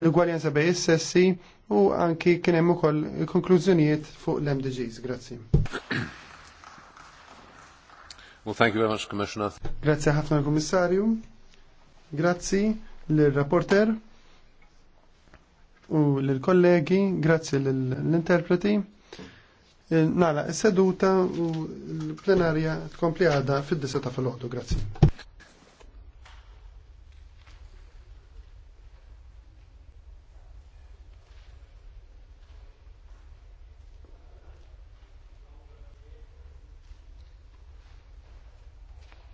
l-ugwaljanza bej s sessi u anki kien hemm ukoll konklużjonijiet fuq l-MDGs. Grazzi. Well, thank you very much, Commissioner. Grazzi ħafna l kommissarju Grazzi l-rapporter u l-kollegi, Grazie l-interpreti. Eh, nala, s-seduta u l-plenarja tkompli għada fid-disa ta' fil-ħodu, grazzi.